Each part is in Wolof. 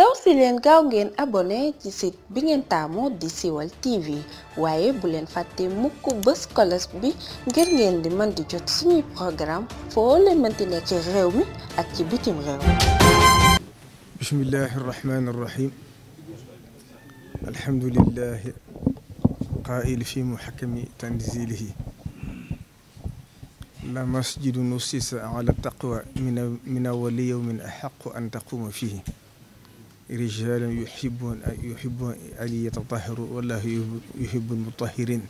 daw si len gaw ngeen abonné ci site bi ngeen tamo di Siweul TV waye bu len fàtte mukk beus kolos bi ngir ngeen di man di jot suñu programme fo le mënti nekk ci rew mi ak ci bitim rew bismillahir rahmanir rahim alhamdulillah qa'il fi muhakkami tanzilihi لا مسجد masjidun على التقوى من من awwali يوم احق ان تقوم فيه رجالا يحبون يحبون ان يتطهروا والله يحب المطهرين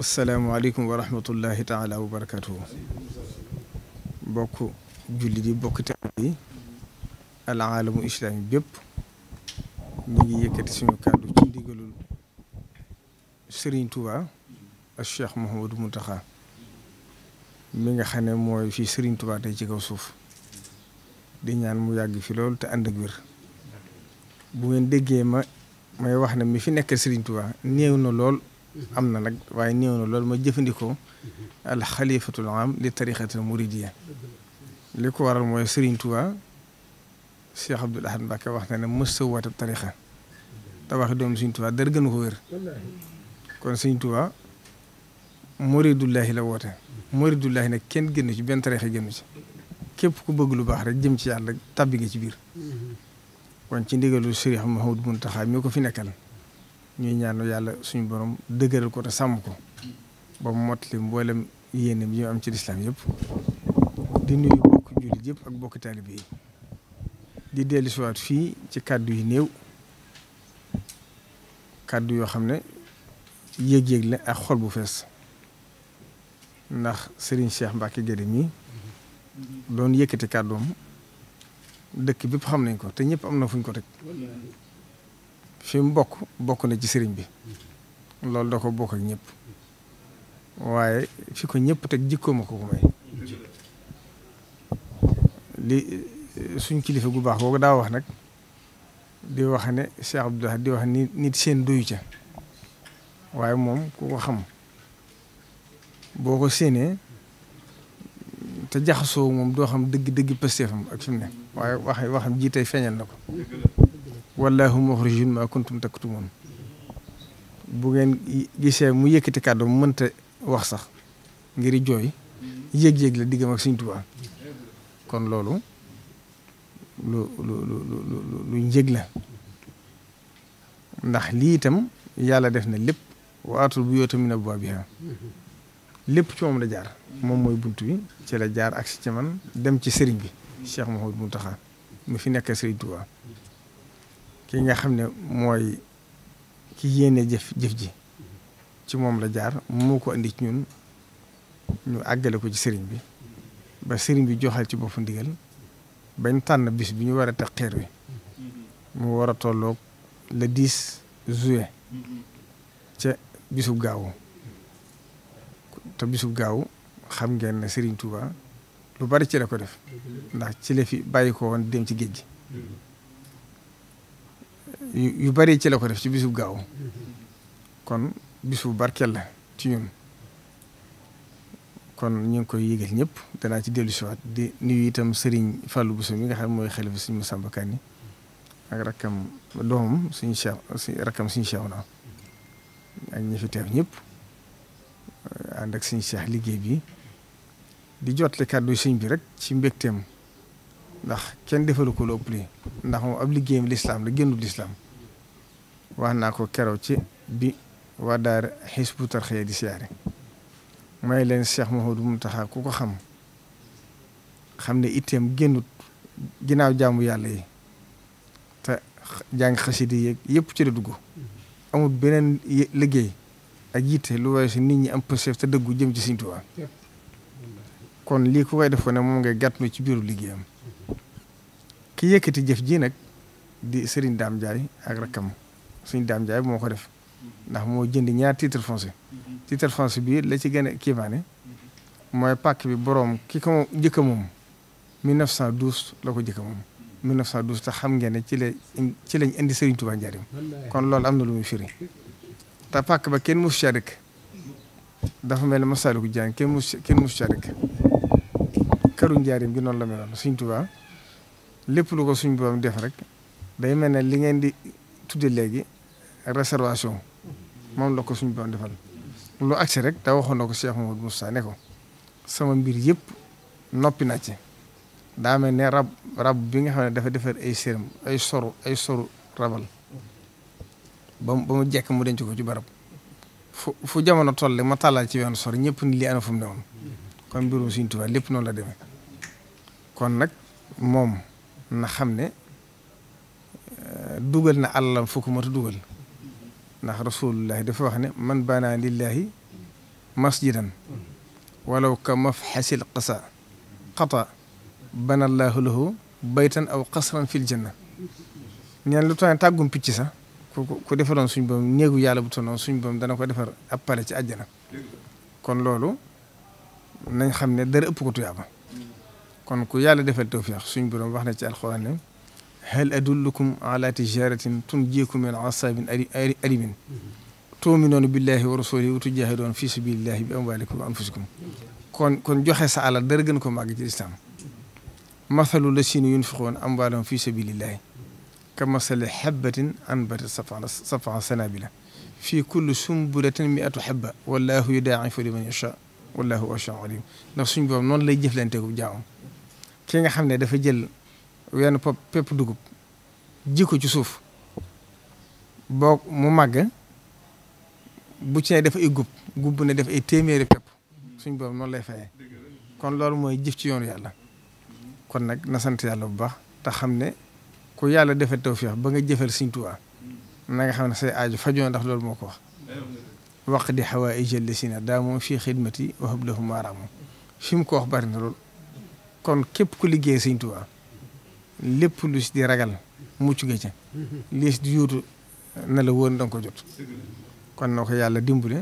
السلام عليكم ورحمه الله تعالى وبركاته بوكو جولي بوكو تاعي العالم الاسلامي بيب نيجي يكتي سونو كادو تي ديغلو سيرين توبا الشيخ محمود منتخا ميغا خاني موي في سيرين توبا تاي جي كاو سوف دي نيان مو ياغ في لول تا اندك وير bu ngeen déggee ma may wax ne mi fi nekk Serigne Touba néew na lool am na nag waaye néew na lool ma jëfandikoo al xalifatul am li tariqatul muridiyya li ko waral mooy Serigne Touba Cheikh Abdoul Ahad Mbacké wax na ne mës sa woote tariqa te waxi doomu Serigne Touba dara gënu ko wér kon Serigne Touba muridullahi la woote muridullahi nag kenn gënu ci benn tariqa gënu ci képp ku bëgg lu baax rek jëm ci yàlla tabbi nga ci biir kon ci ndigalu Serigne Mouhamadou Mountakha mi ko fi nekkal ñuy ñaanu yàlla suñu borom dëgëral ko te sàmm ko ba mu mottali mboolem yéenam yi am ci lislaam yëpp di nuyu bokk jullit yëpp ak bokk taalibe yi di dellu si fii ci kàddu yi néew kàddu yoo xam ne yéeg-yéeg la ak xol bu fees ndax Serigne Cheikh Mbacke Guèye mi doon yëkkati kàddoom. dëkk bépp xam nañ ko te ñëpp am na fuñ ko teg fi bokk bokk na ci sëriñ bi loolu doo ko bokk ak ñëpp waaye fi ko ñëpp teg jikkoo ma ko ko kilifa gu baax boobu daa wax nag di wax ne Cheikh Abdoulaye di wax ni nit seen doyu ca waaye moom ku ko xam boo ko séenee te jaxasoo moom doo xam dëgg-dëgg pësteefam ak fi ne waaye wax wax waxam jiitey feeñal na ko wallahu mukhrijun ma kuntum taktumun bu ngeen gisee mu yëkkati kàddu mu mënta wax sax ngir jooy yéeg-yéeg la diggam ak Sëriñ Tuubaa kon loolu lu lu njëg la ndax lii itam yàlla def na lépp waatul bu yoota min abwaabiha lépp ci moom la jaar moom mooy bunt bi ci la jaar ak si ca man dem ci sëriñ bi Cheikh Mouhamadou Mountakha mu fi nekk Serigne Touba ki nga xam ne mooy ki yéene jëf jëf ji ci moom la jaar mu ko indi ci ñun ñu àggale ko ci sëriñ bi ba sëriñ bi joxal ci boppu ndigal bañ tànn bis bi ñu war a teg xeer wi mu war a tolloog le 10 ca bisub gaawu te bisub gaawu xam ngeen ne Serigne Touba. lu bari ci la ko def ndax ci la fi bàyyi ko woon dem ci géej gi yu bari ci la ko def ci bisu gaaw kon bisu barkeel la ci ñun kon ñu ngi koy yëgal ñëpp danaa ci dellu siwaat di nuyu itam Serigne Fallou Bousso mi nga xam mooy xalifa suñu Massamba Kanni ak rakkam doomam suñu Cheikh rakkam suñu Cheikh na ak ñi fi teew ñëpp ànd ak suñu liggéey bi di jot jotle kàddu sëñ bi rekk ci mbégteem ndax kenn defalu ko lu ëpp lii ndax moom ab liggéeyam lislaam la génnul lislaam wax naa ko keroog ci bi waa daara Hizbut Tarqiyyah di siyaare may leen Cheikh Mouhamadou Mountakha ku ko xam xam ne itteem génnut ginnaaw jaamu yàlla yi te jàng xasida yi yëpp ci la dugg amut beneen liggéey ak yitte lu waaye si nit ñi am pëseef te dëggu jëm ci Sëñ Tuubaa kon lii ku koy def ko ne moom ngay gàttlu ci biiru liggéeyam ki yëkkati jëf jii nag di Serigne Dame Ndiaye ak rakkam suñ Dame Ndiaye moo ko def ndax moo jënd ñaar titre foncier titre foncier bi la ci gën a kiimaane mooy pàkk bi boroom ki ko moom njëkk a moom 1912 la ko njëkk a moom 1912 te xam ngeen ne ci la ci lañ indi Serigne Touba Njaarim kon loolu am na lu muy firi te pàkk ba kenn mosu caa dëkk dafa mel ne masaliku jaan kenn mosu kenn mosu këru njaarim gi non la meloon suñ Tuubaa lépp lu ko suñ borom def rek day mel ne li ngeen di tudde léegi réservation moom la ko suñ borom defal lu agsi rek da waxoon na ko Cheikh Mamadou Moussa ne ko sama mbir yëpp noppi naa ci da mel ne rab rab bi nga xam ne dafa defar ay séram ay soru ay soru rabal ba mu ba mu mu denc ko ci barab fu fu jamono toll ma tàllal ci yoon sor ñëpp ni lii ana fu mu ne woon kon mbirum Sëriñ Tuubaa lépp noonu la demee kon nag moom na xam ne dugal na àllam fu ko mata dugal ndax rasulullahi dafa wax ne man banaa lillahi masjidan walaw ka mafxasil qasa qata bana llaahu lahu baytan aw qasran fil janna ñeen lu tane tàggum picc sax ku ku defaroon suñ boom néegu yàlla bu tonoon suñ boom dana ko defar ab pale ci àjjana kon loolu nañ xam ne dara ëpp ko tuyaaba kon ku yàlla defal tawfiix suñ borom wax na ci alxuraan ne hal adullukum ala tijaratin tunjiikum min asaabin alimin tuuminuuna billahi wa rasulihi wa tujaahiduuna fi sabilillahi bi amwaalikum wa anfusikum kon kon joxe sa alal dara gën ko màgg ci lislaam mathalu lasiina yunfiquuna amwaalahum fi sabilillahi ka masali xabbatin anbatat sab'a sanaabila fi kulli sumbulatin mi'atu xabba wallahu yudaa'ifu liman yashaa wallahu waasi'un aliim ndax suñ borom noonu lay jëflanteeku jaamam ki nga xamne dafa jël wenn pop pepp dugub ji ci suuf bok mu mag bu ci dafa ay gub gubb ne dafa ay téméré pep suñ bob non lay fayé kon lool moy jëf ci yoonu yàlla kon nak na sant yàlla bu baax ta xamne ku yàlla defé tawfiq ba nga jëfël Sëriñ tuwa na nga xamne say aaju fajo ndax lool moko wax waqdi di xawaa i fi khidmati wa hablahum maaraamu fim ko wax bari na lool kon képp ku liggéey sëñ Tuubaa lépp lu si di ragal mucc nga ca lii si di yóotu na la woon danga ko jot kon na ko yàlla dimbale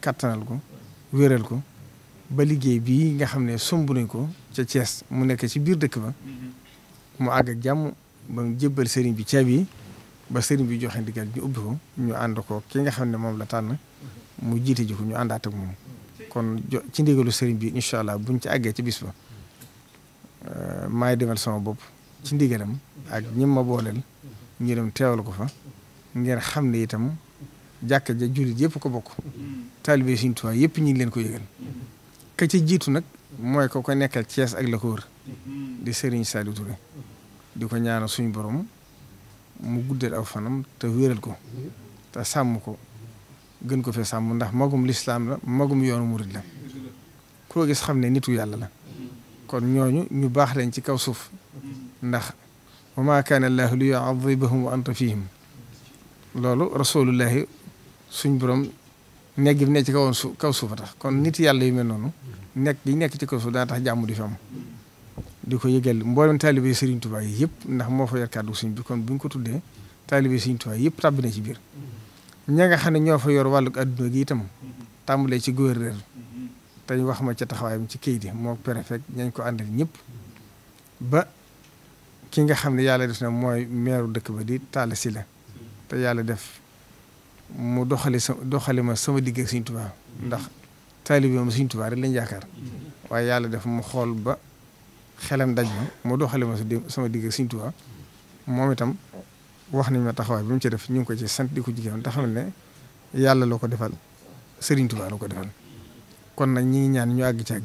kattanal ko wéral ko ba liggéey bi nga xam ne sumb nañ ko ca cees mu nekk ci biir dëkk ba mu àgg jàmm ba mu jébbal sëriñ bi ceeb yi ba sëriñ bi joxe ndigal ñu ubbi ko ñu ànd ko ki nga xam ne moom la tànn mu jiite ji ko ñu àndaat ak moom kon jo ci ndigalu sëriñ bi incha allah buñ ci àggee ci bis ba. Euh, maay demal sama bopp ci ndigalam ak ñim ma booleel ngir dem teewal ko fa ngir xam ne itam jàkka ja jullit yëpp ko bokk taalibe suñ Tuubaa yëpp ñu ngi leen ko yëgal ka ci jiitu nag mooy ko ko nekkal Cees ak la ko wër di Serigne Saliou Touré di ko ñaanal suñu borom mu guddal aw fanam te wéral ko te sàmm ko gën ko fee sàmm ndax magum lislaam la magum yoonu murid la koo gis xam ne nitu yàlla la kon ñooñu ñu baax lañ ci kaw suuf ndax wa ma kaana allaahu li yu'adhibahum wa anta fihim loolu rasulullahi suñ borom nekk gi mu nekk ci kawoon su kaw tax kon nit yàlla yu mel noonu nekk gi nekk ci kaw suuf daa tax jàmm di fi di ko yëgal mboolem taalibe Serigne Touba yi yëpp ndax moo fa yor kàddu suñ bi kon bu ñu ko tuddee taalibe Serigne Touba yëpp tàbbi na ci biir ña nga xam ne ñoo fa yor wàllug adduna gi itam tàmbalee ci gouverneur dañ wax ma ca taxawaayam ci kayit di moo préfet ñañ ko àndal ñëpp ba ki nga xam ne yàlla def na mooy meeru dëkk ba di Talla la te yàlla def mu doxali sa doxali sama digg ak Sëriñ ndax taalibe ma Sëriñ Tuubaa rek lañ yaakaar waaye yàlla def mu xool ba xelam daj ma mu doxali ma sama digg ak moom itam wax nañ ma taxawaay bi mu ci def ñu ngi ko ci sant di ko jigéen te xam ne yàlla loo ko defal Sëriñ Tuubaa loo ko defal kon nag ñi ngi ñaan ñu àgg ci ak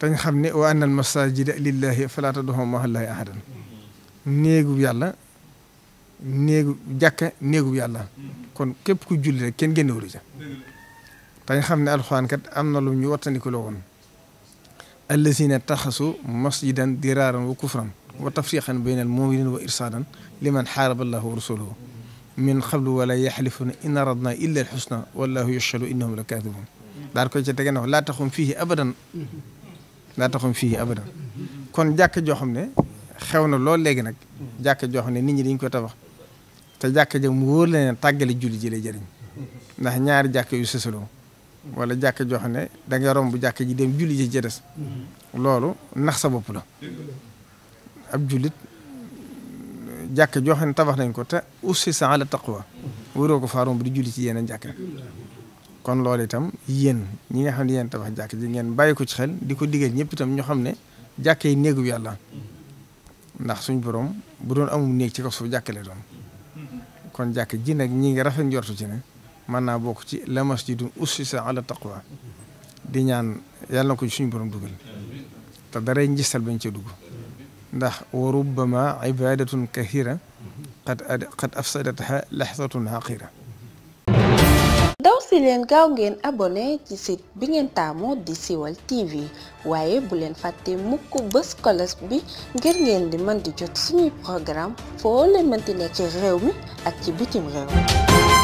tañ xam ne wa anna al masajida lillahi falaa tad'u ma'a allahi ahadan néegub yàlla néegu jàkka néegub yàlla kon képp ku julli rek kenn génne wulu tañ xam ne alxuraan kat am na lu ñu wattandiku la woon allazina taxasu masjidan diraaran wa kufran wa tafriqan bayna al muminin wa irsaadan liman xaaraba allahu wa rasulahu min qablu wala yaxlifuna in aradna illa alxusna wallahu yashhadu innahum la kaadibun daal koy ca tege na laa taxum fii abadan laa taxum fii abadan kon jàkk joo xam ne xew na lool léegi nag jàkk joo xam ne nit ñi dañ koy tabax te jàkk ja mu wóor la ne tàggale julli ji lay jëriñ ndax ñaari jàkk yu sësaloo wala jàkk joo xam ne da ngay romb jàkk ji dem julli ji ci loolu nax sa bopp la ab jullit jàkk joo ne tabax nañ ko te ussi sa ala taqwa waroo ko faa romb di julli ci yeneen jàkk kon loolu itam yéen ñi nga xam ne yéen tabax jàkk ji ngeen bàyyi ko ci xel di ko digal ñëpp itam ñoo xam ne jàkk yi néegu yàlla ndax suñ borom bu doon amum néeg ci kaw suuf jàkkale doon kon jàkk ji nag ñi ngi rafet njortu ci ne mën naa bokk ci la masjidun ussisa ala taqwa di ñaan yàlla na ko suñu borom dugal te daray njistal bañ cee dugg ndax wa rubbama ibadatun kathira qad qad afsadataha lahzatun haqira si leen gaaw ngeen abonné ci site bi ngeen taamu di Siweul TV waaye bu leen fàtte mukk bës kolos bi ngir leen di mën di jot suñuy programme foo leen mënti ci réew mi ak ci bitim réew